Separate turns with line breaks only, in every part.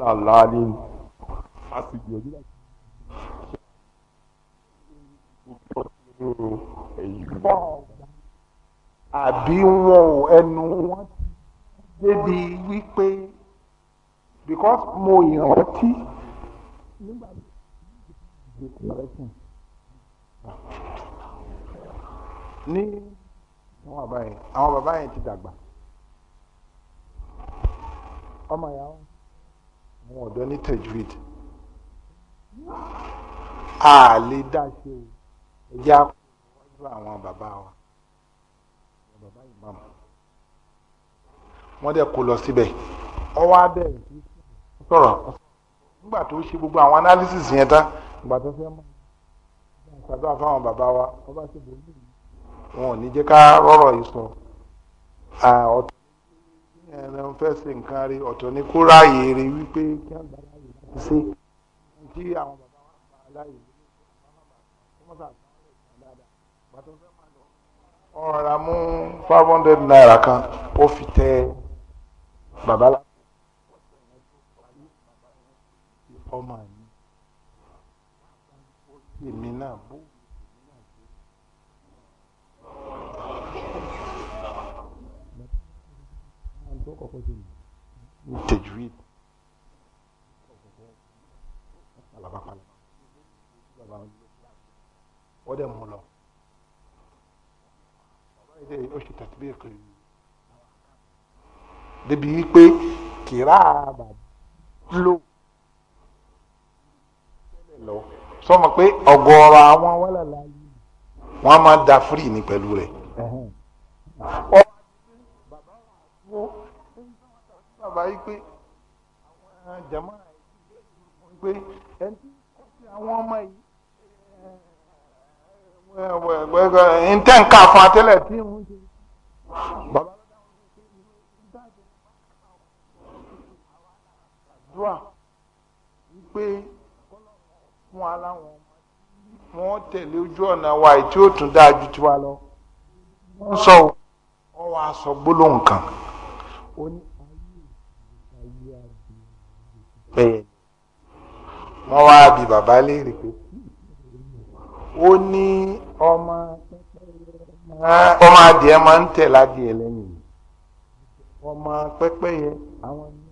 làlá ni a sì gbìyànjú láti àbí wọn ò ẹnu wọn débi wípé because mo ìrántí nígbà ní àwọn bàbá yẹn ti dàgbà ọmọ ìyá àwọn ọ̀dọ́ ní tajwid a lè dá ṣe o ẹjẹ́ àkọ́jọ́ àwọn bàbá wa bàbá imam wọ́n dẹ̀ kó lọ síbẹ̀ ọwọ́ abẹ́ sọ̀rọ̀ nígbà tó ṣe gbogbo àwọn analysis yẹn tán ìgbà tó fẹ́ mọ́ ṣàdúrà fáwọn bàbá wa ọba ṣe bò wọn ò ní jẹ́ ká rọ́rọ̀ yìí sọ ọ̀tún ẹ̀rẹ̀ ń fẹ́ ṣe nǹkan rí ọ̀tọ̀ ní kó ráàyè rí wípé kí àgbà láàyè láti ṣe kí àwọn bàbá wa gbà láàyè wọ́n ra mú five hundred naira kan ó fi tẹ bàbá láti ọmọ mi náà bó. tó kọ́kọ́ tó yìí ní tẹ̀júwì palapapala wọ́n dẹ̀ mú lọ ó ṣe tàbí ẹ̀kọ́ yìí débi wípé kìrá bàbá lò lọ sọmọ pé ọ̀gọ̀rọ̀ àwọn wàlàlà yìí wọ́n máa da firi ní pẹ̀lú rẹ̀. bá pé àwọn jama pé ẹni tí àwọn ọmọ yìí ntẹ fún atẹlẹ tí ń ṣe baba wípé fún aláwọn bẹ́ẹ̀ wọ́n wá bàbá léèrè pé ó ní ọmọ ọmọ adìẹ máa ń tẹ̀ ládìẹ lẹ́yìn ọmọ pẹ́pẹ́yẹ àwọn ní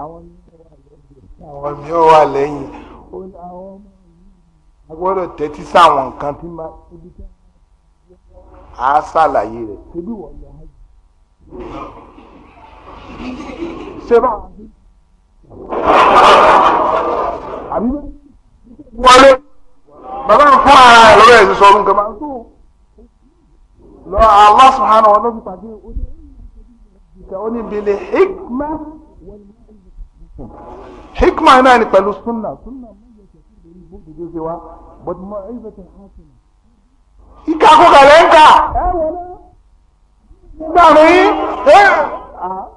àwọn ní ó wà lẹ́yìn a gbọ́dọ̀ tẹ́tí sáwọn nǹkan tí máa a ṣàlàyé rẹ̀ سمعه حبيبي wọlé bàbá ń fún ara ẹ̀ lọ́wọ́ ẹ̀sìn sọ̀rọ̀ nǹkan máa ń tó lọ Allah subhanahu wa ta'ala pàdé ìkà ó ní bèlè hikma hikma náà ni pẹ̀lú sunna sunna mọ̀ yẹ kẹ̀kẹ́ lórí bóde dédé wa but mọ ẹ̀yìn bẹ́ẹ̀ tẹ̀ hàn sí mi. ìkà kó kàlẹ́ ń kà. ẹ wọlé. nígbà mi.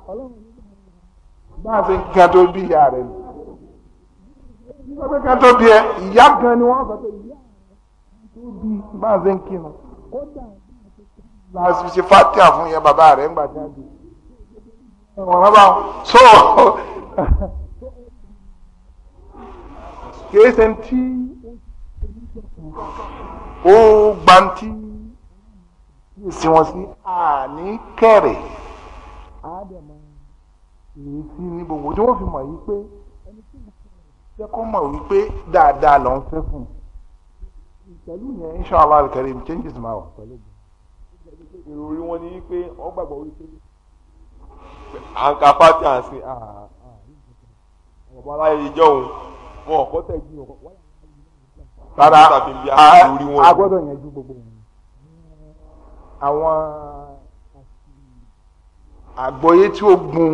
ọlọ́run bá a ṣe kíkà tó bí ìyá rẹ̀ nù nígbà pé kíkà tó bí ẹ ìyá gan ni wọ́n sọ bá a ṣe ń kírun kódà bá a ṣe fàtíà fún yẹn bàbá rẹ̀ ńgbà jáde wọn bá wọn so kìí ṣe ti ó gbanti sí wọn sí àní kẹrẹ ìrísí ní gbogbo tí wọ́n fi mọ̀ yìí pé ẹni tí mo fi jẹ́ kó mọ̀ wípé dáadáa ló ń fẹ́ fún un pẹ̀lú yẹn inṣàlá alkarim changes máa wà pẹ̀lú mi. ìròrí wọn ni pé wọ́n gbàgbọ́ wípé àǹkà pàtì àǹsìn ọ̀bọ̀n aláyé ìjọ òun wọn kò tẹ̀ ju ọ̀pọ̀
rárá a
gbọ́dọ̀ yanjú gbogbo wọn. àwọn àgbọ́yé tí ó gun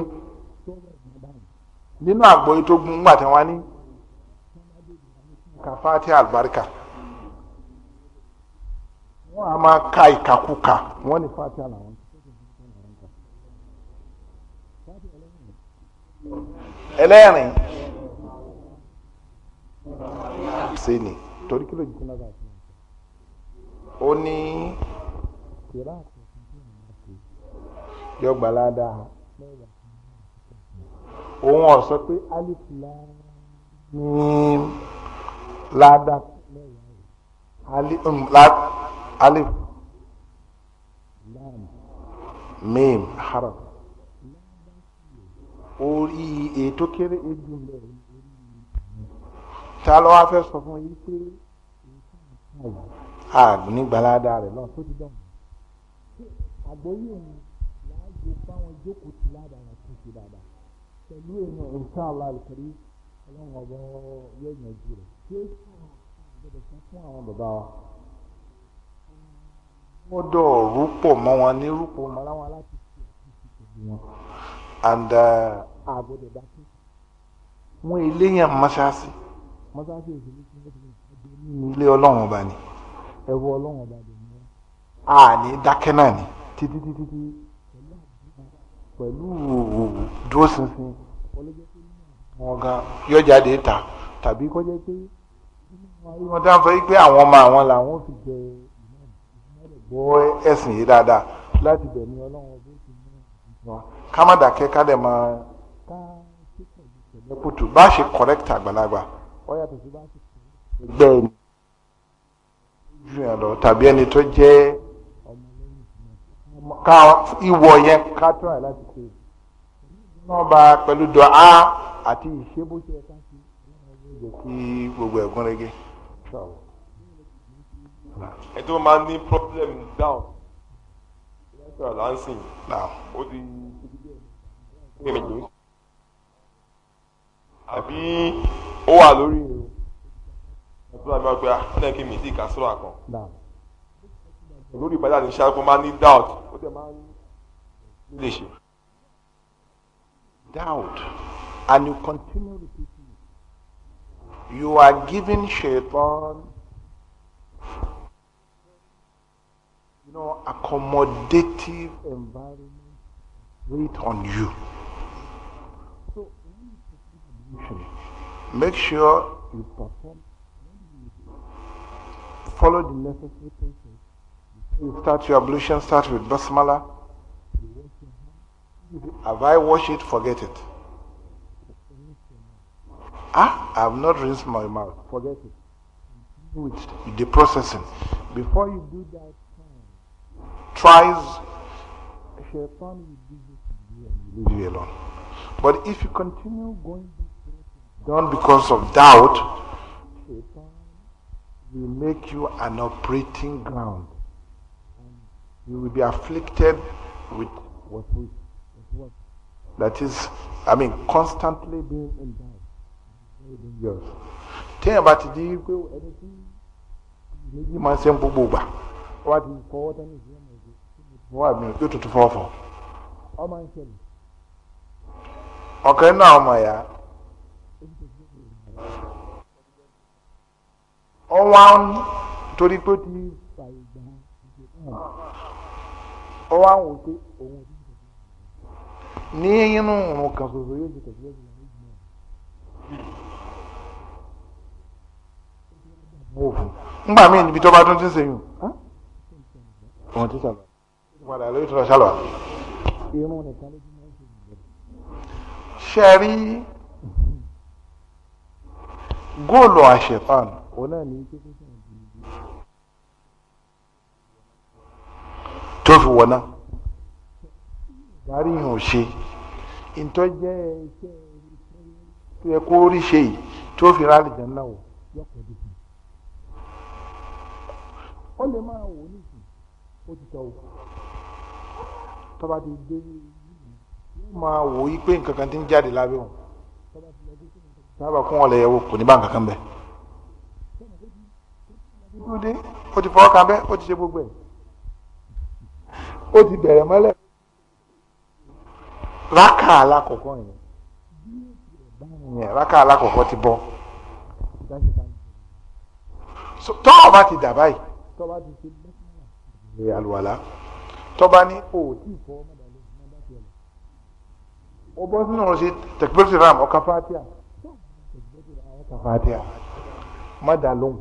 nínú àgbọ̀yé tó gun ńgbà tí wọ́n ní kàfáàtì àlùbáríkà wọ́n á máa ka ìkàkùkà wọ́n ní fáàtì àlàwọ́n. ẹlẹ́rìn ṣe ni torí kí ló jù lọ́dọ̀ àti ó ní yọgbàládà òun ọ̀sọ́ pé alif lam mim ládà um, alif lam mim harf orí ètò kéré ejú lẹ̀ ta ló wá fẹ́ sọ fún yín pé àgbónígbàládà rẹ̀ náà tó ti dọ̀mọ́ àgbóyè òun làá jò fáwọn jókòó ti ládàá rẹ̀ tó ti dáadáa pẹ̀lú èèyàn inshallah àlùkàrí ọlọ́run ọba yóò yanjú rẹ̀ ṣé gbọdọ̀ sọ fún àwọn bàbá wa. wọ́n dọ̀ rúpọ̀ mọ́ wọn ní rúpọ̀ mọ́ láwọn aláṣẹ pẹ̀lú wọn and àgbọ̀dọ̀ uh, dákú. wọn eléyàn mọ́ṣáṣí mọ́ṣáṣí òṣèlú tí wọ́n ti ń ṣe ilé ọlọ́run ọba ni ẹ̀wọ̀ ọlọ́run ọba ni. a ní dákẹ́ náà ni títí pẹ̀lú dúró ṣinṣin wọn gan yóò jáde ta tàbí kó jẹ́ pé wọn dá sọ pé àwọn ọmọ àwọn làwọn fi jẹ gbọ́ ẹ̀sìn yìí dáadáa láti bẹ̀ ní ọlọ́run ọdún tí wọ́n ká má dàkẹ́ máa ká ṣe kùtù bá ṣe correct àgbàlagbà wọ́n yàtọ̀ sí bá ṣe ẹgbẹ́ ẹni ojú ẹ̀ lọ tàbí ẹni tó jẹ́ ka ìwọ̀ yẹn ká tó àyè láti ṣe náà bá pẹ̀lú dọ̀ á àti ìṣe bó ṣe ká sí jẹ́ kí gbogbo ẹ̀gún rege. ẹ tó máa ní problem down lẹ́sọ̀ lansing ó ti gbèmìjì àbí ó wà lórí ìrìn ẹ̀tọ́ àbí wọ́n pe ọ̀nà kí mi ti kà sọ́ra kan. olórí ìpàdé àti ṣáà kó máa ní doubt ó dẹ̀ máa ń lè ṣe. doubt and you continue repeating it you are giving shaitan you know accommodative environment wait on you. So, make sure you perform follow the necessary process you start your ablution, start with basmala. Have I washed it? Forget it. Ah, I have not rinsed my mouth. Forget it. With the processing. Before you do that, tries Shaitan will leave you alone. But if you continue going down because of doubt, will make you an operating ground you will be afflicted with what what that is I mean constantly being in doubt. Very dangerous. Tell about the anything maybe my simple booba. What is forward and is what I mean go to to fall my son. Okay now my ya. Ọwọ́n torí pé ó ó wá wò pé òun ò ní inú òun kan ṣoṣo yóò ti tẹ̀síwájú lọ
ní ìgbìmọ̀
mo fún ngbà míì níbi tó bá tún ti ń sèyún òun ti sàlọ padà lórí tó lọ sálọ. irun nìkan ló dín náà ṣe ìgbẹ́. ṣe rí góòlù àṣetán òun náà ní kíkún sẹ́yìn. tó fi wọ̀ náà ìdarí yìí ò ṣe ìtọ́ jẹ́ iṣẹ́ tó yẹ kó rí ṣe yìí tó fi rálì jẹ́ náà wọ̀ yọkọ̀dé kan ó lè máa wò ní ìsìn ó ti tọ́ o tọ́ba ti dé yóò máa wò yí pé nǹkan kan ti ń jáde lábẹ́ òun sábà kún ọ̀lẹ̀ yẹ̀wò kò ní bá nǹkan kan bẹ̀. ó ti fọwọ́ kan bẹ́ ó ti ṣe gbogbo ẹ̀ ó ti bẹ̀rẹ̀ mọ́lẹ̀. rákà alákọ̀ọ́kọ́ yẹn yẹn rákà alákọ̀ọ́kọ́ ti bọ́ tọ́ ọba ti dà báyìí tọ́ba ti ṣe lẹ́sìn àlùwàlá tọ́ba ní òòtí ìfọwọ́mọ́ o bọ́ sínú ọ̀rọ̀ sí tẹkipẹ́tì ram ọ̀ka fatia ọ̀ka fatia má dà lóhùn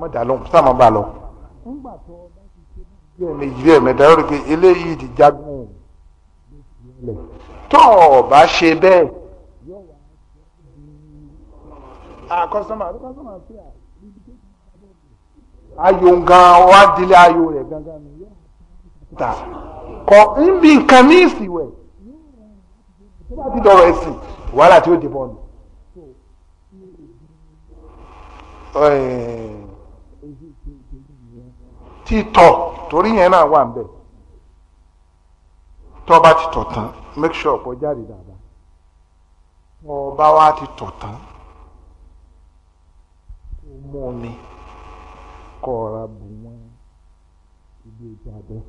má dà lóhùn sáà má bà lọ bí ẹ̀mejì bí ẹ̀mẹta ó rí pé eléyìí ti jágùn tó o bá ṣe bẹ́ẹ̀ àkọsọmọ àkọsọmọ àti ayò gan wá dilé ayò rẹ̀ gangan ni ta kọ níbi nǹkan ní ìsìwẹ̀ tó bá ti dọ̀rọ̀ ẹ̀sìn wàhálà tí ó dìbọn nù títọ̀ torí yẹn náà wà nbẹ tó bá ti tọ̀ tán make sure kó jáde dáadáa ọba wa ti tọ̀ tán ó mú omi kọ́ ọ̀ra bù wọ́n ibi ìjà abẹ́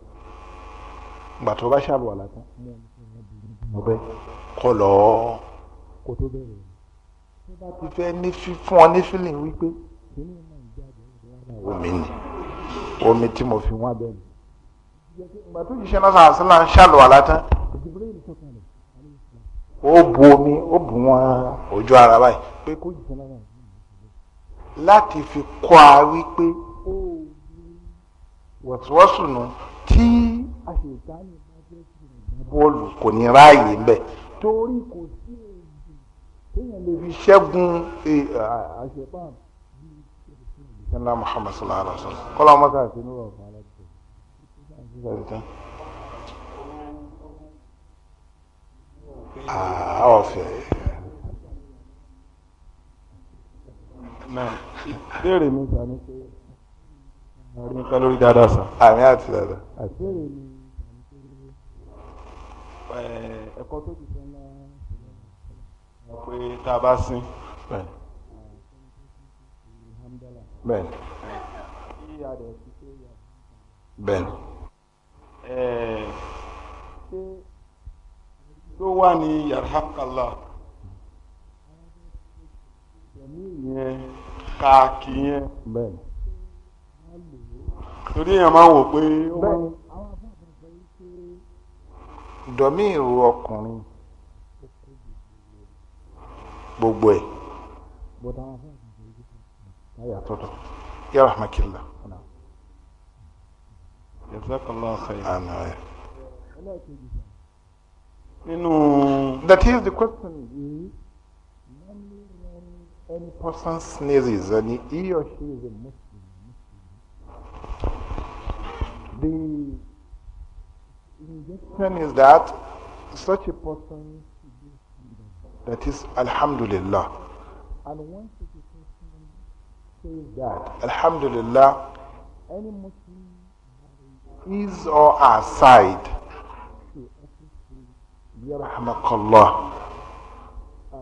ìgbà tó bá ṣàlùwàlà tán mú omi kọ́ ọ̀ra bù wọ́n ọbẹ̀ kọ́ lọ́ọ́ kó tó bẹ̀rẹ̀ tó bá ti fẹ́ fún ọ ní fílìn wípé omi ni omi tí mo fi wọ́n bẹ́ẹ̀ ni. ìgbà tó jíṣẹ́ náà sàásìlà ń ṣàlùwàlá tán ó bu omi ó bu wọn ojú ara báyìí pé kó jíṣẹ́ náà láti fi kọ́ a wípé wọ̀tíwọ́sùn nù tí bọ́ọ̀lù kò ní ráàyè ńbẹ̀ torí kò sí èdè téèyàn lè fi ṣẹ́gun eh, àṣepáàmù ńlá Muhammad sallallahu alaihi wa sallam kọ́lá ọmọ sáà sí ní wà fún aláàbò àwọn ọ̀fẹ́ náà ìbéèrè mi ta ni pé àwọn nípa lórí dáadáa sàn. àmì àti dáadáa. àbẹ̀rẹ̀ mi ta ni pé ẹ̀kọ́ tó ti sẹ́ńlá pé tá a bá sín bẹ́ẹ̀ni. bẹ́ẹ̀ni. ẹẹ tó wà ní yarhakallah ẹmí yẹn káàkì yẹn. bẹ́ẹ̀ni. torí yẹn máa ń wò pé. bẹ́ẹ̀ni. dọ̀mí ìrù ọkùnrin gbogbo ẹ̀. bọ́dà wọn fún يعطوه يرحمك الله جزاك الله خير أنا إنه that is the question any person sneezes and he or she is a Muslim. the injection is that such a person that is Alhamdulillah and once says that Alhamdulillah, any Muslim is or aside to Yarhamakallah. Uh,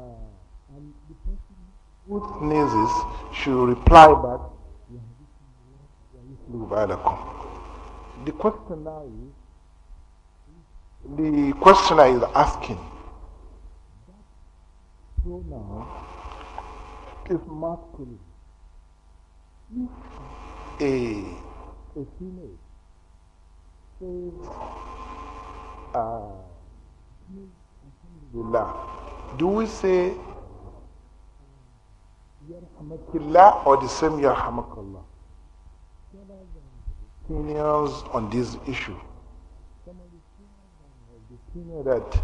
and the person who sneezes should reply back, The question now is, the questioner is asking that pronoun is masculine. A Do we say "yarhamakillah" or the same Yarhamakallah? Opinions on this issue. the That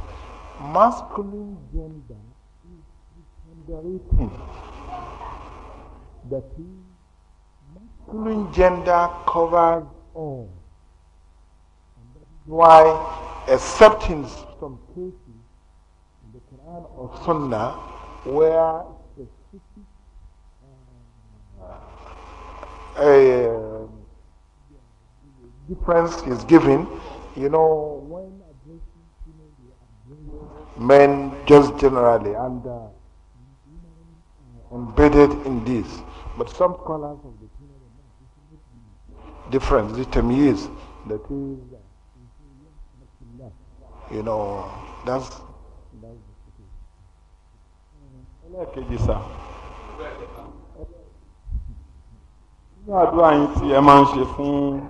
masculine gender is underrated. That is Including gender covers all. why, except in some cases, in the Quran or Sunnah, where specific uh, uh difference is given, you know, when addressing men just generally and uh, embedded in this. But some scholars of the difference the tamyiz the two you know that's ẹlẹ́ẹ̀kejì sá nínú àdúrà yín tí ẹ máa ń ṣe fún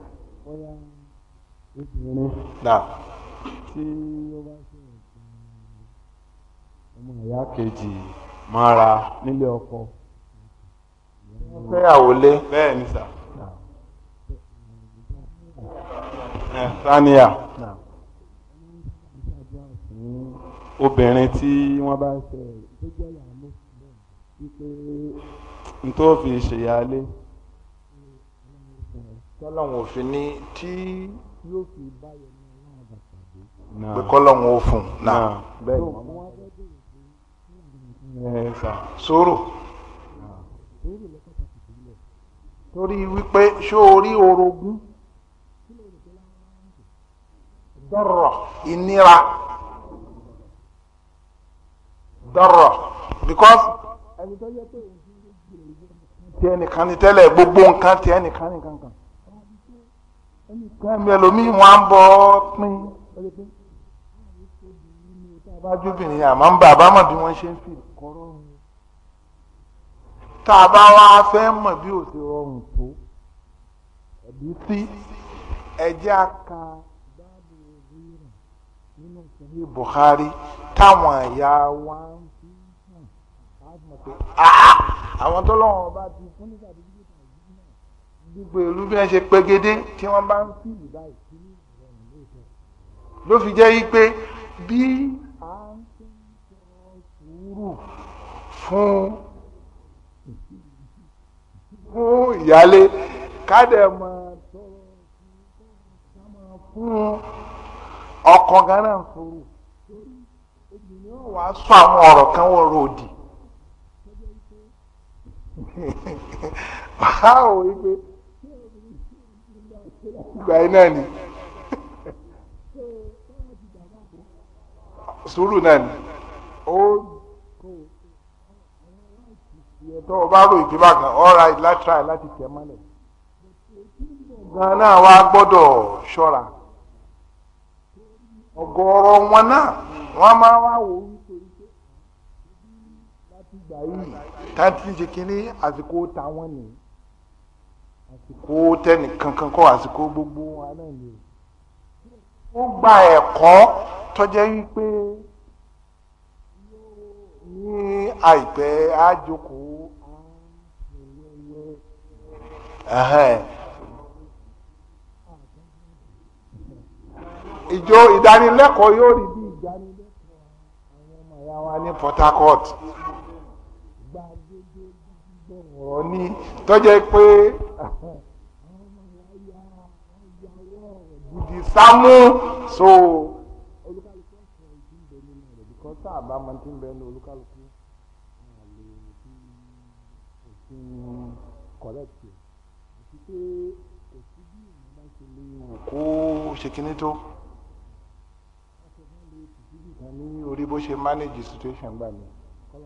ọmọ ìyá kejì máa nílé ọkọ. wọ́n àwọlé bẹ́ẹ̀ ni sá. saniya eh, obìnrin tí wọ́n bá ṣe n tó fi ṣèyálé kọ́lọ́hún òfin ni tí yóò fi báyọ̀ ní ọ̀nà àbàtàdé pé kọ́lọ́hún ó náà bẹ́ẹ̀ torí wípé ṣó orí orogún. dọ́rọ̀ Inira dọ́rọ̀ because ẹni tó yẹ pé tí ẹnìkan ní tẹ́lẹ̀ gbogbo nǹkan tí ẹnìkan ní kankan ẹnìkan mi ẹlòmíì wọn á ń bọ pín abájúbìnrin àmọ́ ń bá àbámọ̀ bí wọ́n ṣe ń fi kọ́rọ́ mi tá a bá wá fẹ́ mọ̀ bí ò ti rọrùn tó ẹ̀bí sí ẹ̀jẹ̀ àka sahih buhari táwọn ẹ̀yà wa ń fi hàn láti mọ̀ pé àwọn tó lọ́wọ́
ọba ti fún nígbà tó dé
gbogbo ìlú bí wọ́n ṣe pegedé tí wọ́n bá ń fi ìgbà ìsinmi ìrọ̀rùn lóòótọ́ ló fi jẹ́ yí pé bí a ń tún sùúrù fún fún ìyálé ká dẹ̀ máa tọrọ fún ọkọ gánà ń furu
obìnrin ò wá sọ àwọn ọ̀rọ̀
kan wọ́n ròdì báwo ha ìgbà iná ni sùúrù náà ni ó o rò ìjọba kan ọra láti láti tẹ̀ mọ́lẹ̀ gan-an náà Ọgọrọ wọn náà wọ́n máa wá wò ó nítorí pé láti ìgbà yìí táǹtì ṣe kínní àsìkò táwọn àsìkò tẹnì kankan àsìkò gbogbo wa ni ó gba ẹ̀kọ́ tọ́jẹ́ wípé ní ìjọ ìdánilẹ́kọ̀ọ́ yóò rí bí ìdánilẹ́kọ̀ọ́ àwọn ọmọ ìyá wa ní Port Harcourt gbàgede gbọ̀rọ̀ ní tọ́jẹ́ pé gidi sámú so olúkálùkù ọ̀sẹ̀ ìdí ìbẹ̀ nínú rẹ̀ bíkọ́ tá a bá máa ti ń bẹ ní olúkálùkù àlè bí òfin kọ̀lẹ́tì lè wù kó ṣe kinní tó. Now, the question raised by the brother is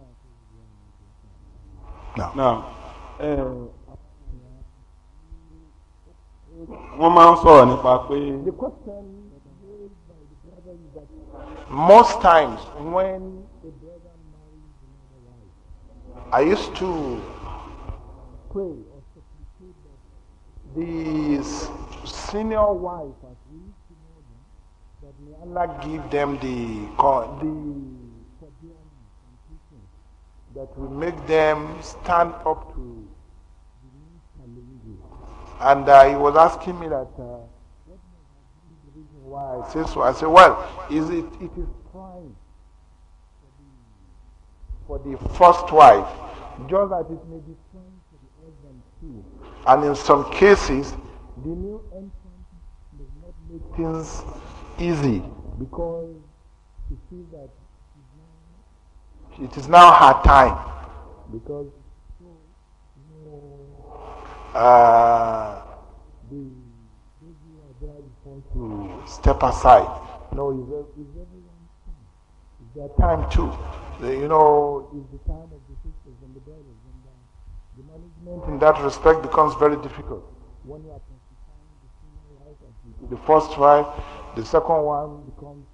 that most times when a brother marries another wife, I used to pray or supplicate that the senior wife Allah give them the,
the
that will make them stand up to and uh, he was asking me that uh, why I say so. I said, well, is it, it is pride for the first wife, just that it may be pride for the husband too. And in some cases, the new entrant does not make things easy because she feels that it is now her time. Because uh, the baby want to hmm, step aside. No, is everyone's time. Is their time too. The, you know, is the time of the sisters and the brothers, and the, the management in that respect becomes very difficult when you are the first one, The second one becomes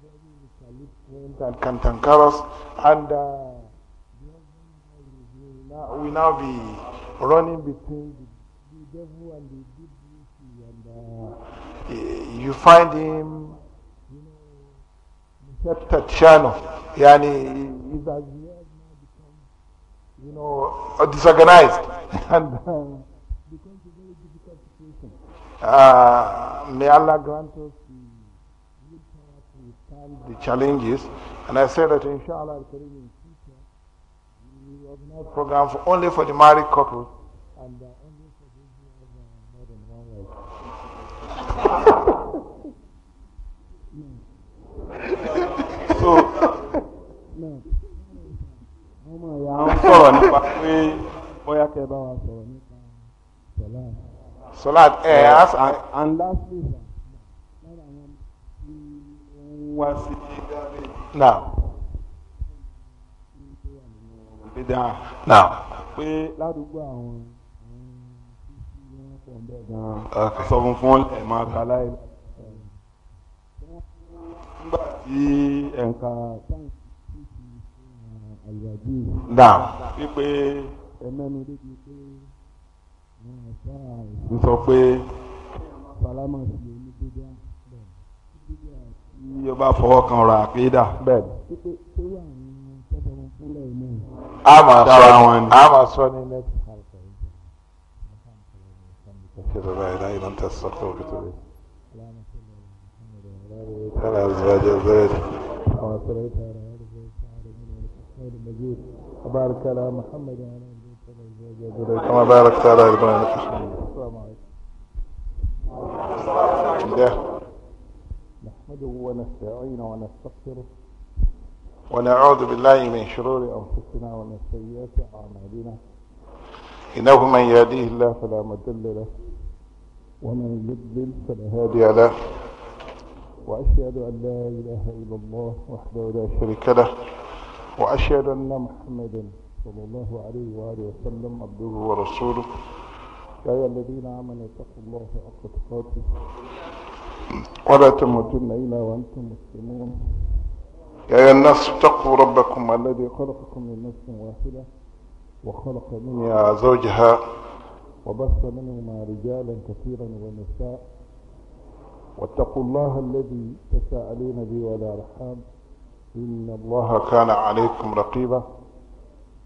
very recalcitrant and cantankerous. And uh, we now be running between the, devil and the good beauty. And uh, you find him, you know, Mr. Channel. Yani, is as you know, disorganized. and, uh, Ah, may Allah grant us the challenges. And I say that inshallah, in future, we organize program only for the married couples
and uh, only for those who have uh, more than
one wife. so, no. Salat ẹ̀ eh, eh, as and. and lastly lára àwọn tí wọ́n wá now. now. pé ládùúgbò àwọn sọ fún fún ẹ̀ máa ka nígbà tí ẹ̀ka àlùwàjì. Eh, now. wípé ẹ mẹ́nu pé n sọ pé tí o bá fọwọ́ kan ọ̀rọ̀ àkídà a máa dára wọn ni a máa sọ ní next كده لا اله الا انت استغفرك واتوب
اليك على ازواج ازواجك
وما صليت على ال وبارك على محمد وعلى اله كما باركت على إبراهيم السلام عليكم نحمده ونستعينه ونستغفره ونعوذ بالله من شرور أنفسنا ومن سيئات أعمالنا إنه من يهديه الله فلا مضل له ومن يضلل فلا هادي له وأشهد أن لا إله إلا الله وحده لا شريك له وأشهد أن محمدا صلى الله عليه وآله وسلم عبده ورسوله يا أيها الذين آمنوا اتقوا الله حق تقاته ولا تموتن إلا وأنتم مسلمون يا أيها الناس اتقوا ربكم الذي خلقكم من نفس واحدة وخلق منها زوجها وبث منهما رجالا كثيرا ونساء واتقوا الله الذي تساءلون به ولا رحام إن الله كان عليكم رقيبا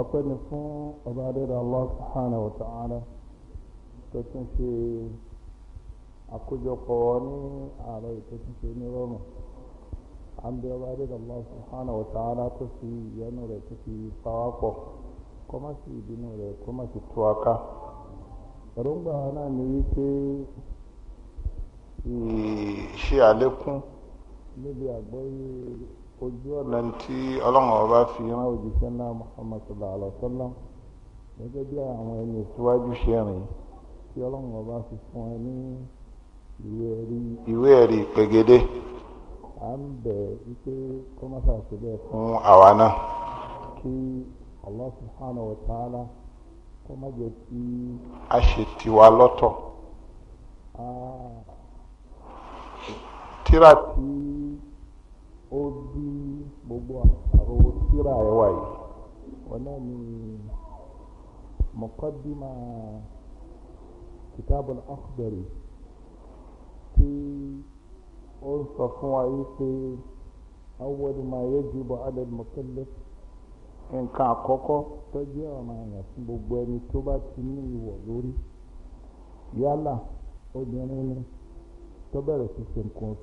ọpẹ́ ni fún ọba adẹ́dàá Allah subhanahu wa ta'ala tó tún ṣe àkójọpọ̀ ní àárọ̀ tó tún ṣe ní rọrùn à ń bẹ ọba adẹ́dàá Allah subhanahu wa ta'ala tó fi ìyẹnu rẹ̀ tó fi pawápọ̀ kó má sì ìbínú rẹ̀ kó má sì tú aká èròǹgbà náà ni wípé ṣe àlékún níbi ojú ọ̀nà tí ọlọ́run ọba fi rán òjíṣẹ́ náà Muhammad sallallahu alaihi wasallam gẹ́gẹ́ bí àwọn ẹni ìtúwájú ṣe rìn tí ọlọ́run ọba fi fún ẹ ní ìwé ẹ̀rí pegede à ń bẹ̀ wípé kọ́mọ́sà ṣe bẹ́ẹ̀ fún àwa náà kí Allah subhanahu wa ta'ala kó má jẹ́ kí a ṣe tiwa lọ́tọ̀ tíra tí. o bí gbogbo àrò síra ẹ̀ wà yìí ọ̀nà ni mọ̀kọ́dímà kìtàbùl akhdari tí ó ń sọ fún wa yìí pé awọ́dún máa yẹ ju bọ́ mọ̀kẹ́lẹ́ nǹkan àkọ́kọ́ fún gbogbo ẹni tó bá ti ní ìwọ̀ lórí yálà obìnrin ni tó bẹ̀rẹ̀ sí ṣe nǹkan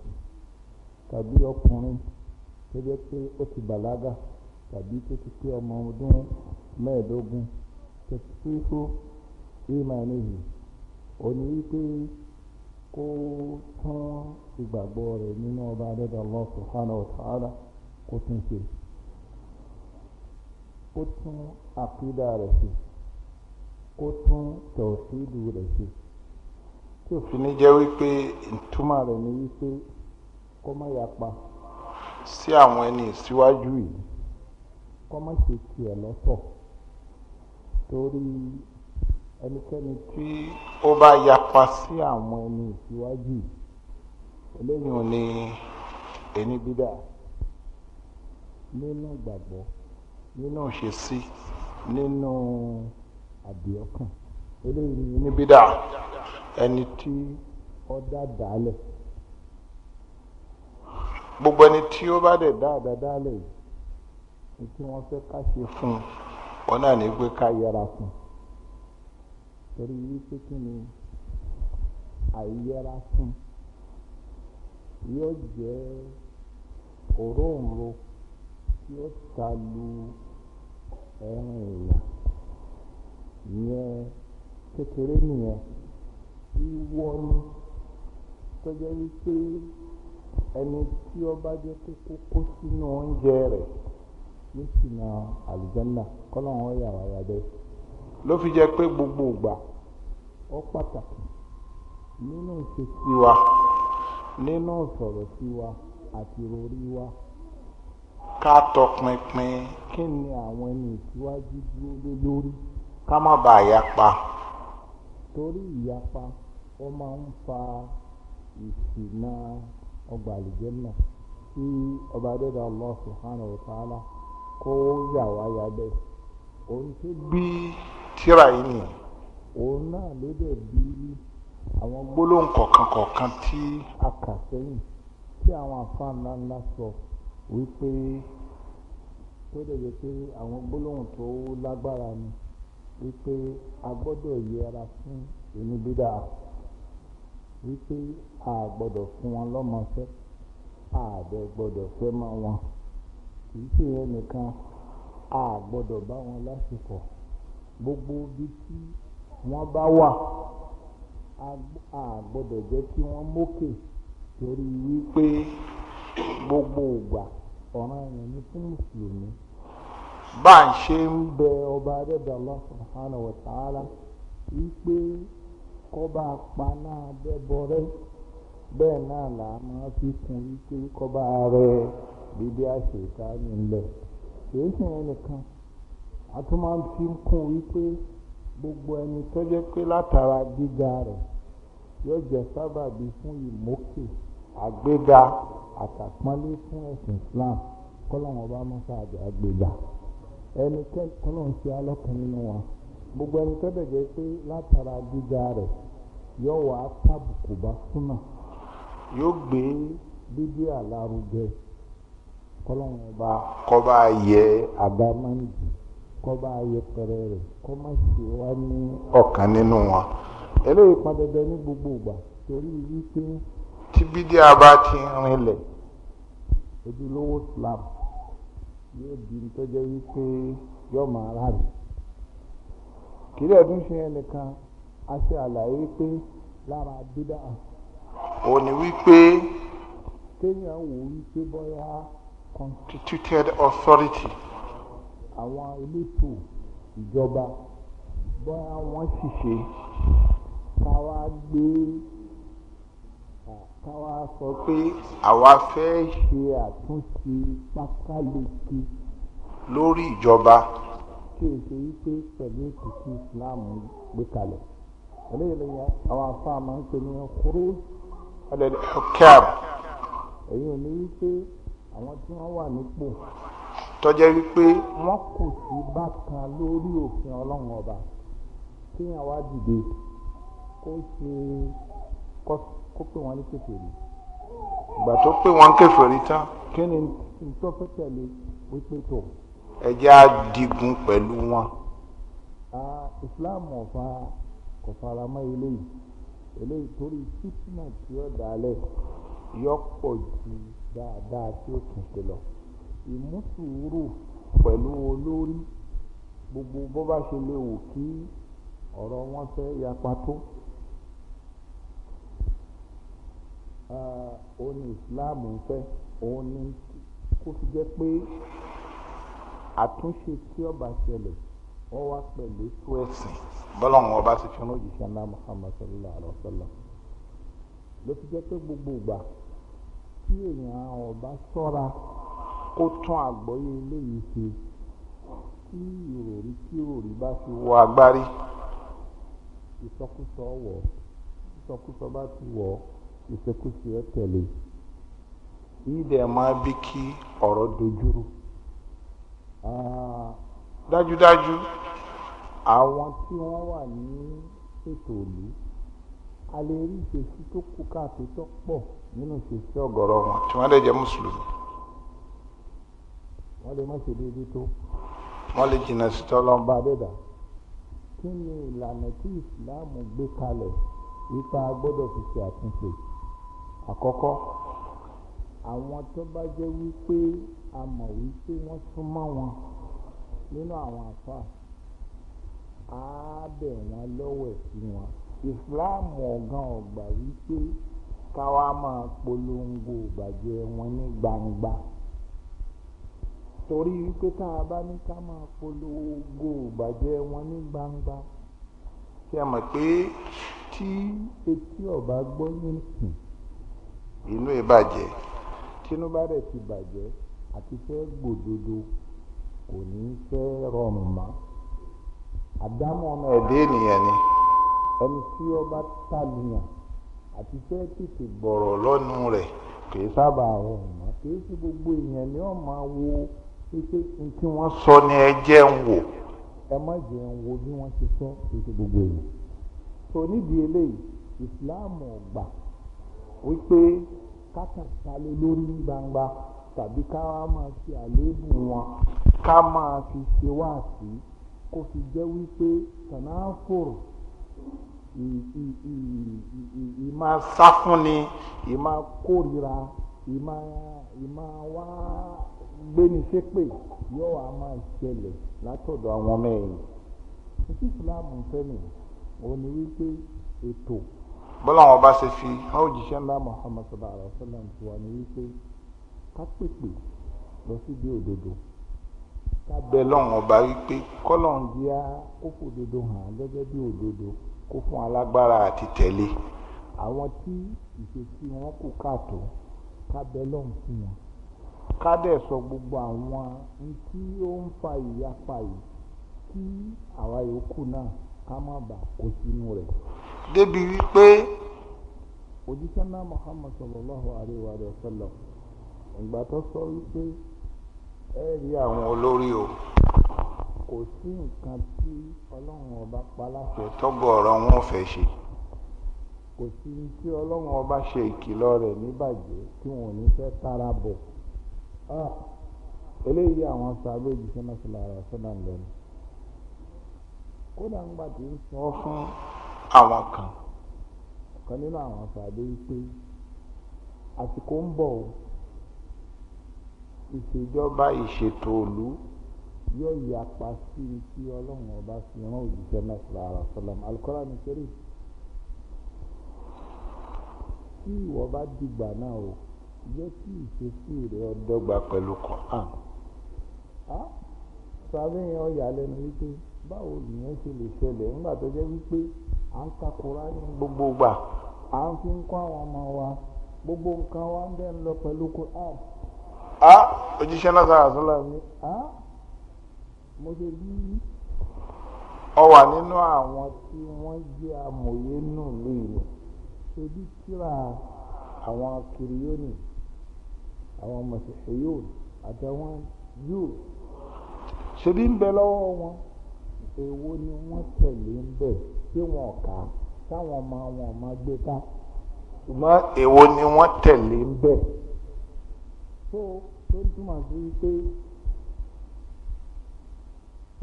tó jẹ́ pé ó ti bàlágà tàbí tó ti pé ọmọ ọdún mẹ́ẹ̀ẹ́dógún tó ti pé fún ìmọ̀ níhì òní wípé kó tán ìgbàgbọ́ rẹ̀ nínú ọba adẹ́dàá Allah subhanahu wa ta'ala kó tún ṣe kó tún àkídà rẹ̀ ṣe kó tún tọ̀síìdù rẹ̀ ṣe tí òfin ní jẹ́ wípé ìtumọ̀ rẹ̀ ni wípé kó má yapa sí àwọn ẹni ìsíwájú yìí kọ́ má ṣe tiẹ̀ lọ́tọ̀ torí ẹnikẹ́ni tí ó bá yapa sí àwọn ẹni ìsíwájú yìí eléyìí ò ní ẹni bídà nínú gbàgbọ́ nínú ìṣesí nínú àdìọ́kàn eléyìí ní bídà ẹni tí ó dá dàálẹ̀ gbogbo ẹni tí ó bá dẹ̀ dáadáa dálẹ̀ yìí ni tí wọ́n fẹ́ ká ṣe fún un wọn náà ní pé ká yẹra fún un torí wípé kí ni àìyẹra fún un yóò jẹ́ òróǹro yóò ta lu ẹran èèyàn ìyẹn kékeré nìyẹn wíwọ́nú tó jẹ́ wípé. ẹni tí ó bá jẹ kó sínú oúnjẹ rẹ̀ ní na àlùjànnà kọlọ ó yà wá yà bẹ́ẹ̀. ló fi jẹ pé gbogbo ìgbà ó pàtàkì nínú ìṣesí tiwa nínú ìsọ̀rọ̀ tiwa àti rori wa ká kí ni àwọn ẹni ìtìwájú dúró lé lórí ká má yapa. torí ìyapa ó máa ń fa ọgbà àlùjẹ́nà tí ọba adẹ́dà Allah subhanahu wa ta'ala kó yà wá ya bẹ́ẹ̀ òun tó bí tíra yìí nìyẹn òun náà ló dẹ̀ bí àwọn gbólóhùn kọ̀ọ̀kan kọ̀ọ̀kan tí a kà sẹ́yìn tí àwọn àfáà ńlá ńlá sọ wípé tó dẹ̀ yẹ pé àwọn gbólóhùn tó lágbára ni wípé a gbọ́dọ̀ yẹra fún oníbídà wípé a gbọ́dọ̀ fún wọn lọ́mọṣẹ́ a dẹ̀ gbọ́dọ̀ fẹ́ mọ́ wọn kì í ṣe yẹn nìkan a gbọ́dọ̀ bá wọn lásìkò gbogbo ibi tí wọ́n bá wà a gbọ́dọ̀ jẹ́ kí wọ́n mókè torí wípé gbogbo ìgbà ọ̀ràn ẹ̀yàn ní fún mùsùlùmí bá ń ṣe ń bẹ ọba adẹ́dàá Allah subhanahu wa ta'ala wípé kọ́ bá a pa náà bẹ́bọ rẹ́. bẹ́ẹ̀ náà là á máa fi kún wípé kọ́ba ààrẹ bíbí àṣetá kìí sì a tún máa fi kún wípé gbogbo ẹni tó jẹ́ pé látara gíga rẹ̀ yóò jẹ́ sábàbí fún ìmókè àgbéga àtàpọ́nlé fún ẹ̀sìn Islam kọ́lọ́wọ́n bá mọ́sá àjọ àgbéga ẹnikẹ́ni kọ́lọ́wọ́n ṣe alọ́kùn nínú wọn gbogbo ẹni tó dẹ̀ jẹ́ pé látara gíga rẹ̀ yóò wá tábùkù bá súnà yóò gbé bíbí àlárugẹ kọlọ́run ọba kọ́ba yẹ àdámáǹdì kọ́ba yẹ pẹrẹ rẹ kọ́ ṣe wá ní ọ̀kan nínú wọn eléyìí pọn dandan ní gbogbo ìgbà torí wípé tí bídí ti rinlẹ̀ ojúlówó Islam yóò di nítọ́jọ́ wípé yóò máa ráre kí lóòdún ṣe ẹnìkan a ṣe àlàyé pé lára bídà òun ni wípé kéèyàn wò wípé bóyá constituted authority àwọn elétò ìjọba bóyá wọ́n ṣìṣe ká wá gbé ká wá sọ pé àwa fẹ́ ṣe àtúnṣe pákáleke lórí ìjọba tí o ṣe wípé pẹ̀lú ètùtù Islam gbé kalẹ̀ eléyìí lè yẹ àwọn afáàmà ń pè ní kúrò ọlẹ́lẹ́ hukam èyí ò ní wípé àwọn tí wọ́n wà nípò tọ́jẹ́ wípé wọ́n kù sí bákan lórí òfin ọlọ́run ọba kéèyàn wá dìde kó ṣe kó pè wọ́n ní kèfèrí ìgbà tó pè wọ́n kèfèrí tán kí ni tó fẹ́ tẹ̀lé wípé tó. ẹ jẹ́ àdìgún pẹ̀lú wọn. Ah, Islam ọ̀fà kò fara mọ́ eléyìí eléyìí torí fitna tí ó dalẹ̀ yọ pọ̀ ju dáadáa tí ó tún ṣe lọ ìmúsùúrù pẹ̀lú olórí gbogbo bó bá ṣe lè wò kí ọ̀rọ̀ wọn fẹ́ yapa tó òun ni Islam ń fẹ́ òun ni kó fi jẹ́ pé àtúnṣe tí ó bá ṣẹlẹ̀ wọ́n wá pẹ̀lú tó ẹ̀sìn bọ́lọ́hún ọba ti fi ránjì sí aná Muhammad sallallahu alayhi wa sallam ló fi jẹ́ pé gbogbo ìgbà tí èèyàn ọba ṣọ́ra kó tún àgbọ́yé eléyìí ṣe tí ìròrí tí ìròrí bá ti wọ agbárí ìsọkúsọ wọ ìsọkúsọ bá ti wọ ìsọkúsọ tẹ̀lé yìí dẹ̀ máa bí kí ọ̀rọ̀ dojúrú dájúdájú àwọn tí wọ́n wà ní ètò òlú a lè rí ìṣesí tó kú káàtó tó pọ̀ nínú ìṣesí ọ̀gọ̀rọ̀ wọn tí wọ́n lè jẹ́ mùsùlùmí. wọ́n lè má ṣe déédéé tó. wọ́n lè jìnnà sí tọ́lọ́mbà dẹ́dà. kí ni ìlànà tí ìsìláàmù gbé kalẹ̀ ipa gbọ́dọ̀ fi ṣe àtúnṣe àkọ́kọ́ àwọn tó bá jẹ́ wípé a mọ̀ wípé wọ́n súnmọ́ wọn nínú àwọn àfa á bẹ̀ wọ́n lọ́wọ́ sí wọn ìsìláàmù ọ̀gán ọ̀gbà wípé káwa máa polongo ìbàjẹ́ wọn ní gbangba torí wípé tá a bá ní ká máa polongo ìbàjẹ́ wọn ní gbangba ṣe é mọ̀ pé tí etí ọba gbọ́ nínú inú ìbàjẹ́ tínú bá rẹ̀ ti bàjẹ́ àti fẹ́ gbòdodo kò ní fẹ́ rọrùn mọ́ àdámọ́ ọmọ ẹ̀dẹ́ ènìyàn ni ẹni tí ó bá tàlùyàn àti fẹ́ tètè gbọ̀rọ̀ lọ́nu rẹ̀ kì í sábà rọrùn mọ́ kì í sí gbogbo èèyàn ni ó máa wo pé tí wọ́n sọ ni ẹ jẹ́ ń wò ẹ má jẹ́ ń wo bí wọ́n ti sọ kì gbogbo èèyàn so nídìí eléyìí ìsìláàmù ọgbà wípé kákàtà lórí gbangba tàbí ká máa ṣe àléébù wọn ká máa fi ṣe wá sí kó fi jẹ́ wípé tànáfòrò ìmá sáfúnni ìmá kórìíra ìmá ìmá wá gbéni ṣépè yóò wá máa ṣẹlẹ̀ látọ̀dọ̀ àwọn ọmọ ẹ̀yìn. etí ìsìláàmù fẹ́mi òun ni wípé ètò bọ́lá àwọn ọba ṣe fi hàn òjíṣẹ́ ńlá Muhammad sallallahu alaihi wa ti wà ní wípé ká pèpè lọ síbi òdodo. ká ọba wípé kọ́lọ́run jẹ́ kókò òdodo hàn gẹ́gẹ́ bí òdodo kó fún alágbára àti tẹ̀lé àwọn tí ìṣesí wọn kò káàtó fún wọn sọ gbogbo àwọn tí ó ń fa ìyapa yìí kí àwa yòókù náà ká má bàa kó sínú rẹ̀. débi wípé náà Muhammad sallallahu alayhi wa sallam ìgbà ẹ rí àwọn olórí o kò sí nǹkan tí ọlọ́run ọba pa láṣẹ tọ́gọ̀ ọ̀rọ̀ wọn ò fẹ́ ṣe kò sí tí ọlọ́run ọba ṣe ìkìlọ̀ rẹ̀ níbàjẹ́ tí wọn ò ní fẹ́ tara bọ̀ eléyìí àwọn sábẹ́ òjíṣẹ́ mọ́ṣáláà rẹ̀ sọ́dà ń lẹ́nu kódà ńgbà tí ń sọ fún àwọn kan ọ̀kan nínú àwọn sábẹ́ wípé àsìkò ń bọ̀ o ìṣèjọba ìṣètò òlu yóò yapa sí i tí ọlọ́run ọba fi rán òjíṣẹ́ náà sọ̀rọ̀ àrà sọ̀lọ́m alukọ́lá ni kéré tí ìwọ bá dìgbà náà o jẹ́ kí ìṣesí rẹ̀ ọdọ́gba pẹ̀lú Quran sàbẹ̀ yẹn ọ̀yà lẹ́nu wípé báwo nìyẹn ṣe lè ṣẹlẹ̀ nígbà tó jẹ́ wípé à ń ka ní gbogbo gbà à ń fi ń kọ́ àwọn ọmọ wa gbogbo nǹkan wa ń bẹ́ẹ̀ lọ pẹ̀lú Quran á òjíṣẹ́ náà sára sọ́lá ní á mo ṣe bí ọ wà nínú àwọn tí wọ́n jẹ́ amòye nù léèrè ṣe bí kíra àwọn kiriyóni àwọn mọ̀sẹ̀ṣẹ̀yò àtàwọn yóò ṣe bí ń bẹ lọ́wọ́ wọn èwo ni wọ́n tẹ̀lé ń bẹ̀ tí wọn kà á táwọn ọmọ wọn máa gbé ká ṣùgbọ́n èwo ni wọ́n tẹ̀lé ń bẹ̀ tó tó túmọ̀ sí pé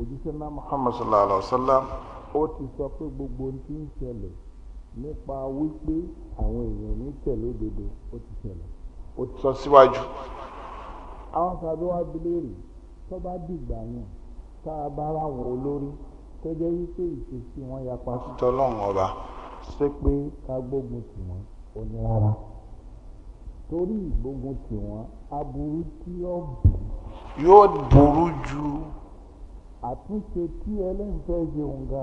òjíṣẹ́ náà Muhammad sallallahu alayhi wa sallam ó ti sọ pé gbogbo ohun tí ń ṣẹlẹ̀ nípa wípé àwọn èèyàn ní tẹ̀lé òdodo ó ti ṣẹlẹ̀ ó ti sọ síwájú. àwọn sábẹ́ wá bilérì tó bá dìgbà yẹn tá a bá ráwọn olórí tó jẹ́ wípé ìṣesí wọn yapa sí tọ́lọ́run ọba ṣé pé ká gbógun tì wọ́n ó ní rárá torí ìgbógun tì wọ́n aburú tí ó bù yóò burú ju àtúnṣe tí ẹlẹ́ǹfẹ́ ṣe òǹga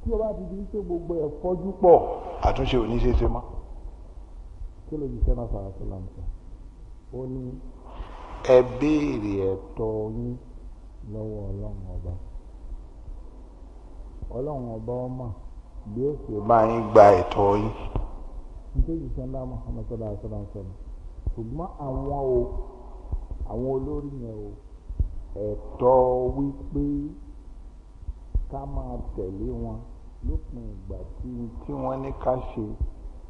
tí o bá ti di pé gbogbo ẹ̀ fọ́jú pọ̀ àtúnṣe ò ní ṣe é ṣe mọ́. kí ló di sẹ́nà sàrásìlámù sọ ó ní ẹ béèrè ẹ̀tọ́ yín lọ́wọ́ ọlọ́run ọba ọlọ́run ọba ọmọ bí ó ṣe bá yín gba ẹ̀tọ́ yín nítorí ìṣẹ́ ńlá Muhammad sọ́dọ̀ àṣọ́dọ̀ sọ́dọ̀ ṣùgbọ́n àwọn o àwọn olórí yẹn o ẹ̀tọ́ wípé ká máa tẹ̀lé wọn lópin ìgbà tí tí wọ́n ní ká ṣe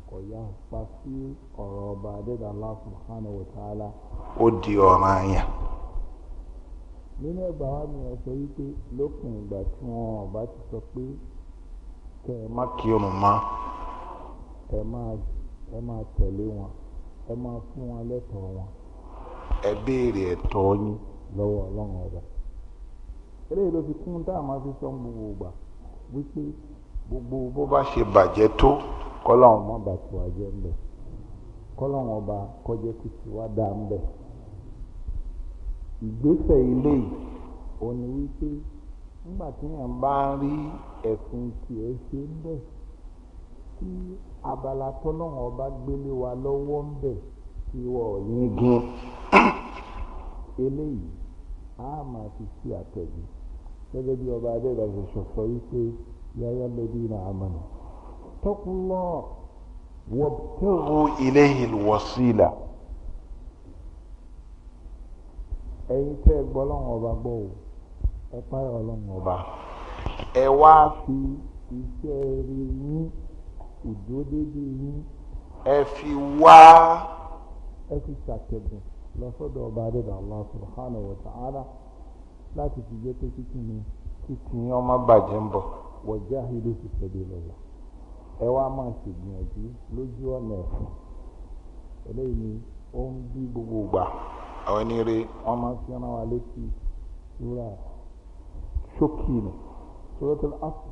kò yá pa sí ọ̀rọ̀ ọba adẹ́dà Allah subhanahu wa ta'ala ó di ọ̀ràn àyàn. nínú ẹgbàá wa ni ẹ sọ wípé lópin ìgbà tí wọn ọba ti sọ pé kẹ ẹ má kírun mọ́ ẹ máa ẹ máa tẹ̀lé wọn ẹ máa fún wọn lẹ́tọ̀ọ́ wọn ẹ béèrè ẹ̀tọ́ yín lọ́wọ́ ọlọ́run ọba eléyìí ló fi kún tá a máa fi sọ gbogbo wípé gbogbo bó bá ṣe bàjẹ́ tó kọ́lọ́run má bàa tó wa jẹ́ ńbẹ̀ kọ́lọ́run ọba kọjẹ́ kìkì wá dá ńbẹ̀ ìgbésẹ̀ ilé yìí abala tọ́lọ́run ọba gbélé wa lọ́wọ́ ń bẹ̀ ìwọ ọ̀yìn gan eléyìí a máa fi sí àtẹ̀jú gẹ́gẹ́ bí ọba adẹ́gbà ṣẹ̀ṣẹ̀ sọ wípé yáyá lẹ́bí na àmàlà tọ́kùnlọ́ wọ́pẹ́rù ilayhi alwasila ẹ̀yin tẹ́ gbọ́ lọ́wọ́ ọba gbọ́ o ẹ páyọ̀ lọ́wọ́ ọba ẹ wá fi iṣẹ́ rí yín ìdúródédé yín. ẹ fi wá. ẹ fi ṣàtẹ̀gùn lọ sọ́dọ̀ ọba adéda Allah subhanahu wa ta'ala láti fi jẹ́ pé kíkì ni kíkì yín ọmọ bàjẹ́ ń bọ̀. wajahidu fi sabilillah ẹ wá máa ṣègbìyànjú lójú ọ̀nà ẹ̀sìn eléyìí ni ó ń bí gbogbo ìgbà àwọn ẹni rè wọ́n máa fi rán wa létí ìwúrà ṣókì ni suratul asr.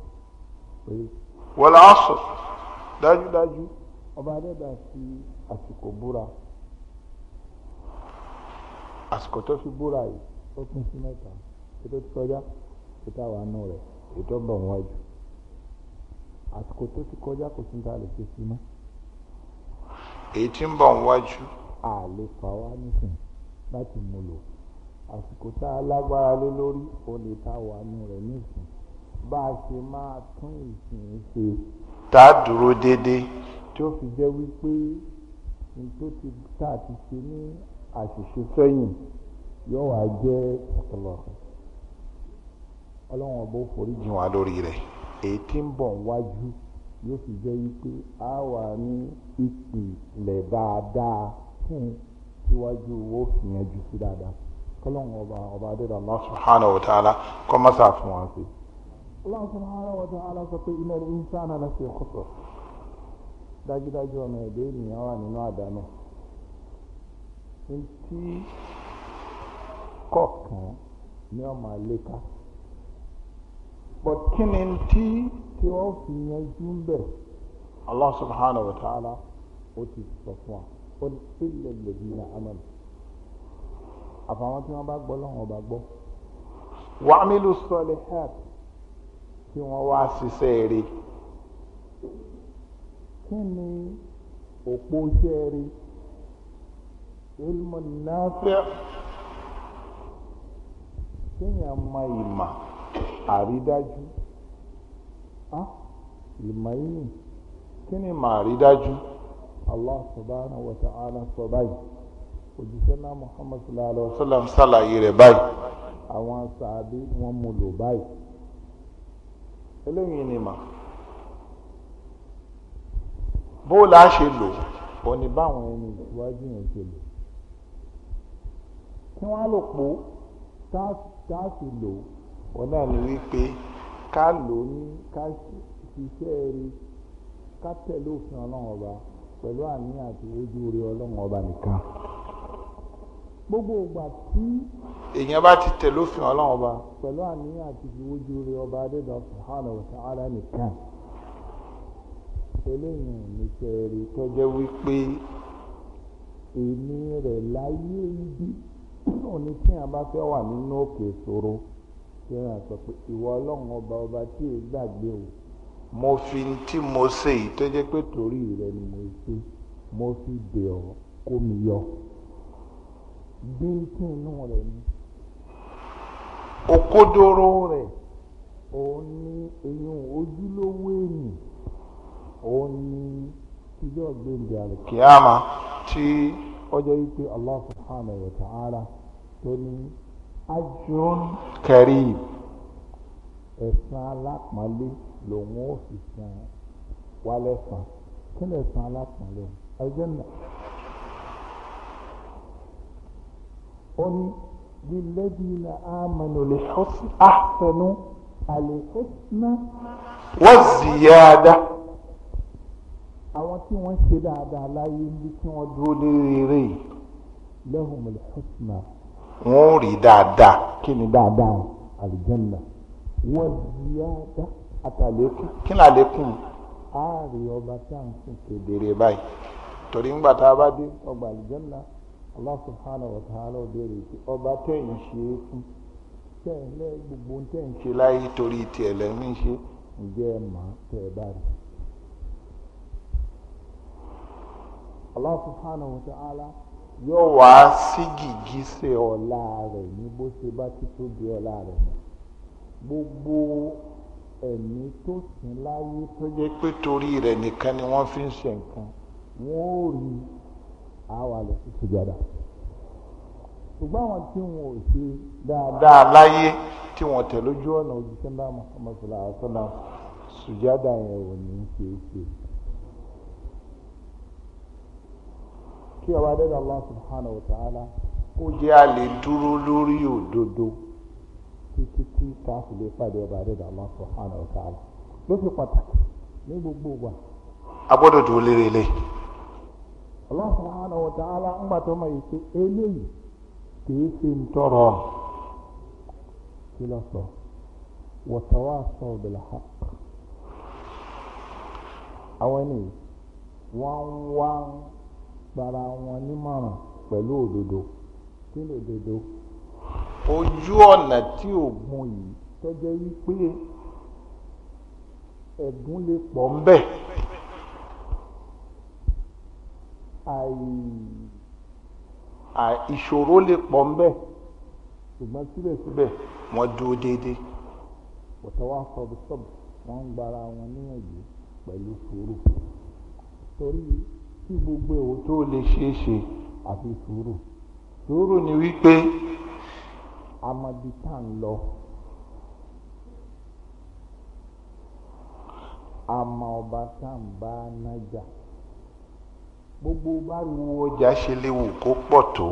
wal asr dájúdájú ọba adẹ́dà fi àsìkò búra àsìkò tó fi búra yìí ó pín sí mẹ́ta ètò tí kọjá ètò àwọn àánú rẹ̀ ètò bọ̀ wájú àsìkò tó ti kọjá kò sí ta lè ṣe sí mọ́. èyí tí ń bọ̀ wájú. a lè wá nísìn láti mú lò àsìkò tá a lágbára lé lórí ó lè ta wà nù rẹ̀ nísìn bá a ṣe máa tún ìsìn ṣe tá a dúró déédéé tí ó fi jẹ́ wípé ní tó ti tá a ti ṣe ní àṣìṣe sẹ́yìn yóò wá jẹ́ ọ̀pọ̀lọ̀ ọlọ́run ọba ó forí jìn wá lórí rẹ̀ èyí tí ń bọ̀ wájú yóò fi jẹ́ wípé a wà ní ìpìlẹ̀ dáadáa fún síwájú owó fi yanjú sí dáadáa kọ́lọ́run ọba ọba adédọ̀lá subhanahu wa ta'ala kọ́ mọ́sá fún wa sí i. Allah subhanahu wa ta'ala sọ pé inna al-insana lafi khusr dájúdájú ọmọ ẹ̀dẹ́ ènìyàn wà nínú àdánù ntí kọ̀ọ̀kan ní ọmọ àlékà but kí ni ntí tí wọ́n fi yanjú ń bẹ̀ Allah subhanahu wa ta'ala ó ti sọ fún wa ó ní ilẹ̀ lèbi ní amẹ́nu àfàwọn tí wọ́n bá gbọ́ lọ́wọ́ bá gbọ́ wa'amilu salihat. kí wọ́n wá ṣiṣẹ́ rí kí ni òpó iṣẹ́ rí ilmu nafi kéèyàn mọ ìmọ̀ àrídájú ìmọ̀ yìí kí ni ìmọ̀ àrídájú Allah subhanahu wa ta'ala sọ báyìí òjíṣẹ́ náà Muhammad sallallahu alaihi wa sallam ṣàlàyé rẹ̀ báyìí àwọn wọn eléyìí ni mà bó la ṣe lò ó ní báwọn ẹni ìwájú yẹn ṣe lò kí wọ́n á lò pò tá a sì lò ó náà ni wípé ká lò ó ní ká ṣiṣẹ́ rí ká tẹ̀lé òfin ọlọ́run ọba pẹ̀lú àníyàn àti ojú rí ọlọ́run ọba nìkan gbogbo ìgbà tí. èèyàn bá ti tẹ̀lé òfin ọlọ́run ọba. pẹ̀lú àníyàn àti ìfiwójú rẹ ọba adédọ̀ subhanahu wa ta'ala nìkan. eléyìí ní sẹ́ẹ̀rì tọ́jọ́ wípé èmi rẹ̀ láyé ibi òní tí a bá fẹ́ wà nínú òkè ìṣòro tí a sọ pé ìwọ ọlọ́run ọba ọba tí èyí gbàgbé o mo fi tí mo ṣe yìí tó pé torí rẹ ni mo ṣe mo fi dè ọ́ kó mi yọ. bíríkì inú rẹ̀ ni òkodoro rẹ̀ o ni èèyàn ojúlówó èyìn o ni ìjọ gbèndé àlùkìyàmà tí ọjọ́ yìí pé Allah subhanahu wa ta'ala tó ní ajrun karim ẹ̀san alápọ̀nlé lòun ó fi san wálẹ̀ san kí lè ó ní lílẹ́dínà àmàlò lè ṣọ́sí àfẹnú àlè ṣọ́sínà wọ́n ziyada àwọn tí wọ́n ṣe dáadáa láyé ní tí wọ́n dúró léèrè yìí lẹ́hùn mọ̀lẹ́sọ̀tìmá. wọ́n ò rí dáadáa. kí ni dáadáa àlùjànnà wọ́n ziyada àtàlékún. kí ni àlékún. a rí ọba tí a ń sìn kedere báyìí torí ńgbà tá a bá dé ọgbà àlùjànnà. Allah subhanahu wa ta'ala béèrè pé ọba tẹ́ ẹ̀ ń ṣe é fún tẹ́ ẹ̀ lẹ́ gbogbo tẹ́ ẹ̀ ń ṣe láyé torí tiẹ̀ lẹ́ ń ṣe ǹjẹ́ ẹ mọ̀ tẹ́ ẹ bá rí. Allah subhanahu wa ta'ala yóò wá sí gìgísẹ̀ ọlá rẹ̀ ní bó ṣe bá ti tóbi ọlá rẹ̀ mọ́ gbogbo ẹ̀mí tó sìn láyé tó jẹ́ pé torí rẹ̀ nìkan ni wọ́n fi ń ṣe nǹkan wọ́n ó rí i á wà lọ sí sùjádà ṣùgbọ́n àwọn tí wọn ò ṣe dáadáa láyé tí wọn tẹ̀ lójú ọ̀nà òjíṣẹ́ ńlá Muhammad sallallahu alaihi wasallam yẹn ò ní ṣe é ṣe. kí ọba dẹ́dọ̀ Allah subhanahu wa ta'ala kó jẹ́ a lè dúró lórí òdodo títí tí ká sì lè pàdé ọba dẹ́dọ̀ Allah subhanahu wa ta'ala ló fi pàtàkì ní gbogbo wa. a gbọ́dọ̀ dúró lérè ọlọ́run subhanahu wa ta'ala ń gbà tó mọ̀ yìí pé eléyìí kìí ṣe ń tọrọ kí lọ sọ wọ̀tọ́wà sọ bil haqq àwọn ẹni wọ́n wá gbara wọn nímọ̀ràn pẹ̀lú òdodo kí ló dodo ojú ọ̀nà tí yìí ẹ̀gún lè pọ̀ ìṣòro lè pọ̀ ńbẹ̀ ṣùgbọ́n síbẹ̀síbẹ̀ wọ́n dúró déédéé. wọ́tọ́wá sọ̀bù sọ̀bù wọ́n ń gbára wọn níyànjú pẹ̀lú sùúrù torí kí gbogbo èwo tó lè ṣeé ṣe àfi sùúrù sùúrù ni wípé amadi tá ń lọ àmọ́ ọba tá ń bá nájà gbogbo báriwo ọjà ṣe léwu kó pọ̀ tó.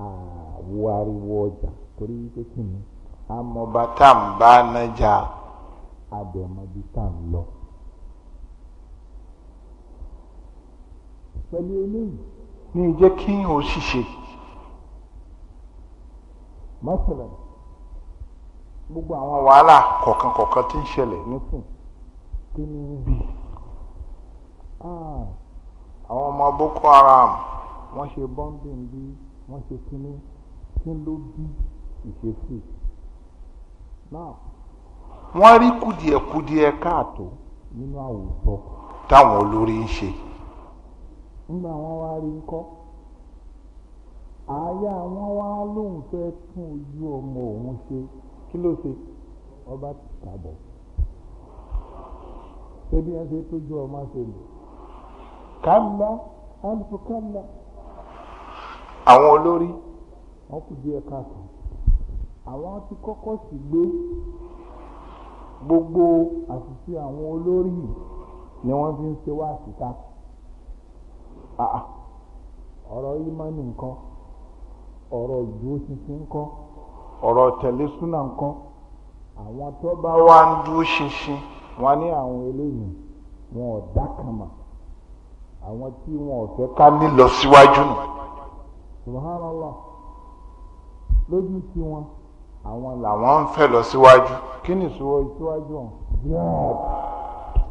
àwo ariwo ọjà torí pé kí ni. amọba tá à ń bá nájà. àbẹ̀mọbi tá à ń lọ. pẹ̀lú eléyìí. ní jẹ́ kí n ò ṣiṣẹ́. mọ́sálà gbogbo àwọn wàhálà kọ̀ọ̀kan kọ̀ọ̀kan tí ń ṣẹlẹ̀ nísìn kí ni bí. Ah. àwọn ọmọ boko haram wọ́n ṣe bọ́ńbìn bí wọ́n ṣe kíní kí ló bí ìṣesí náà wọ́n rí kùdìẹ̀kùdìẹ̀ káàtó nínú àwùjọ táwọn olórí ń ṣe nígbà wọ́n wá rí wọn wá lóun tún ojú ọmọ òun ṣe kí ló ṣe ọba ṣé bí ṣe kálá alifu kálá. àwọn olórí. wọ́n kù díẹ̀ káàkiri àwọn ti kọ́kọ́ sì gbé gbogbo àṣìṣe àwọn olórí yìí ni wọ́n fi ń ṣe wá àṣìṣà ọ̀rọ̀ yìí máa ní nǹkan ọ̀rọ̀ ìdúró ṣinṣin ńkọ́ ọ̀rọ̀ tẹ̀lé súnà ńkọ́ àwọn tó bá wá ń dúró ṣinṣin wọn ní àwọn eléyìí àwọn tí wọn ò fẹ́ ká nílọ síwájú nù subhanallah lójú tí wọn àwọn làwọn ń fẹ́ lọ síwájú kí ni ìṣòro síwájú hàn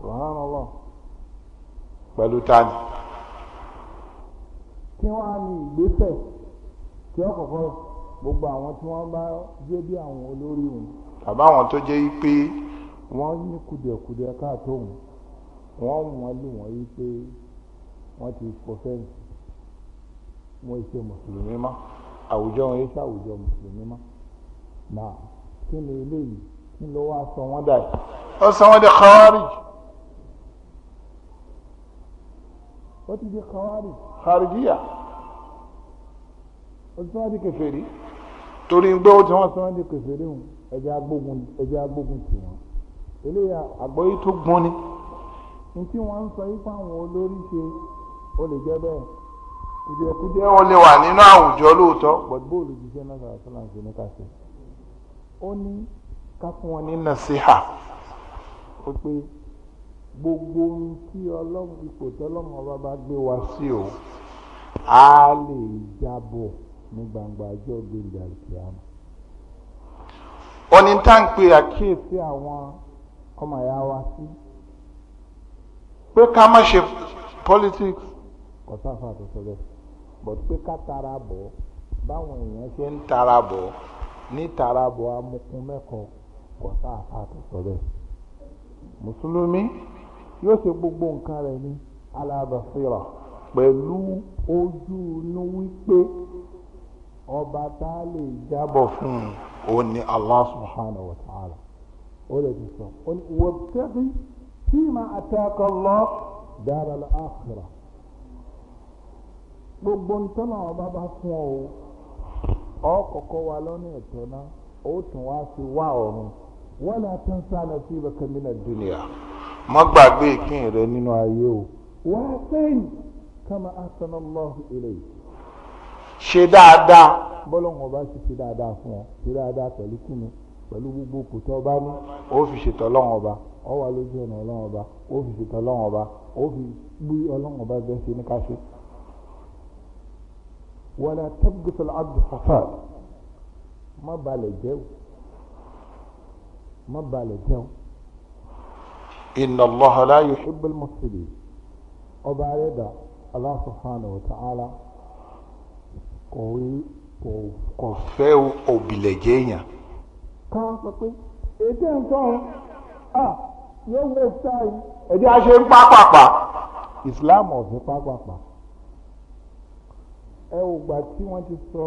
subhanallah pẹ̀lú tani kí wọ́n á ní ìgbésẹ̀ kí wọ́n kọ́kọ́ gbogbo àwọn tí wọ́n bá jẹ́ bí àwọn olórí wọn. tàbí àwọn tó jẹ́ pé wọ́n ní kùdìẹ̀kùdìẹ̀ káàtó wọn wọ́n mú wọn lù wọ́n yí pé wọ́n ti kó fẹ́ǹsì wọ́n ṣe mùsùlùmí mọ́ àwùjọ wọn ṣe àwùjọ mùsùlùmí mọ́ náà kí ni eléyìí kí ló wá sọ wọ́n dà yìí. ó sọ wọ́n di khawarij. ó ti di khawarij. kharijiya ó ti sọ wọ́n di kèfèrí torí gbé ó ti wọ́n sọ wọ́n di kèfèrí hùn ẹ̀jẹ̀ agbógun ẹ̀jẹ̀ agbógun tì wọ́n eléyà àgbọ̀yé tó gbọ́n ni ní tí wọ́n sọ yí fáwọn olórí ṣe ó lè jẹ́ bẹ́ẹ̀ kùdìẹ̀kùdìẹ̀ wọn lè wà nínú àwùjọ lóòótọ́ but bóòlù jíṣẹ́ náà sọ̀rọ̀ fún àǹfẹ́ ní káṣí ó ní ká fún wọn ní nàṣíhà ó pé gbogbo ohun tí ọlọ́run ipò tọ́lọ́mọ ọba bá gbé wa sí o a lè jábọ̀ ní gbangba ọjọ́ gbẹ̀ngà ìkìyàmù. oní táǹpì àkíyèsí àwọn ọmọ ìyá wa sí pé ká má ṣe politics kọsáfà tó sọ bẹ́ẹ̀ but pé ká tara bọ̀ báwọn èèyàn ṣe ń tara bọ̀ ní tara bọ̀ amukun mẹ́kọ̀ọ́ kọsáfà tó sọ bẹ́ẹ̀ mùsùlùmí yóò ṣe gbogbo nǹkan rẹ̀ ní alábàṣírà pẹ̀lú ojú inú wípé ọba tá a lè jábọ̀ fún un òun ni Allah subhanahu wa ti sọ wọ́n tẹ́bí fima ataka Allah daral akhirah gbogbo ntọ́nà ọba bá fún ọ o ọkọ̀kọ́ wa lọ́nà ẹ̀tọ́ náà ó tún wá sí wá ọ̀run wọ́n lè tún sáré sí ibẹ̀ kẹ́mínà dúnìyà mọ́ gbàgbé ìpín rẹ nínú ayé o wá sẹ́yìn kama asana allahu ilayk ṣe dáadáa bọ́lọ́hún ọba ti ṣe dáadáa fún ọ ṣe dáadáa pẹ̀lú kùnú pẹ̀lú gbogbo kòtò ọba ní ó fi ṣètò ọlọ́run ọba ọ wà lójú ọ̀nà ọlọ́run ọba ó fi ṣètò ọlọ́run ọba ó fi gbé ọlọ́run ọba bẹ́ẹ̀ ṣe ní ká wala tabgis al-abd fasad má balẹ̀ jẹ́ o má balẹ̀ jẹ́ o. inna allaha la yuhibbul mufsidin ọba ayé dà Allah subhanahu wa ta'ala kò rí kò fẹ́ òbílẹ̀ jẹ́ yàn. ká sọ pé ètò ẹ̀ ń ah yóò wé ṣáà ẹ̀dí a ṣe ń pápápá Islam ọ̀sìn pápápá ẹ ò gbà tí wọ́n ti sọ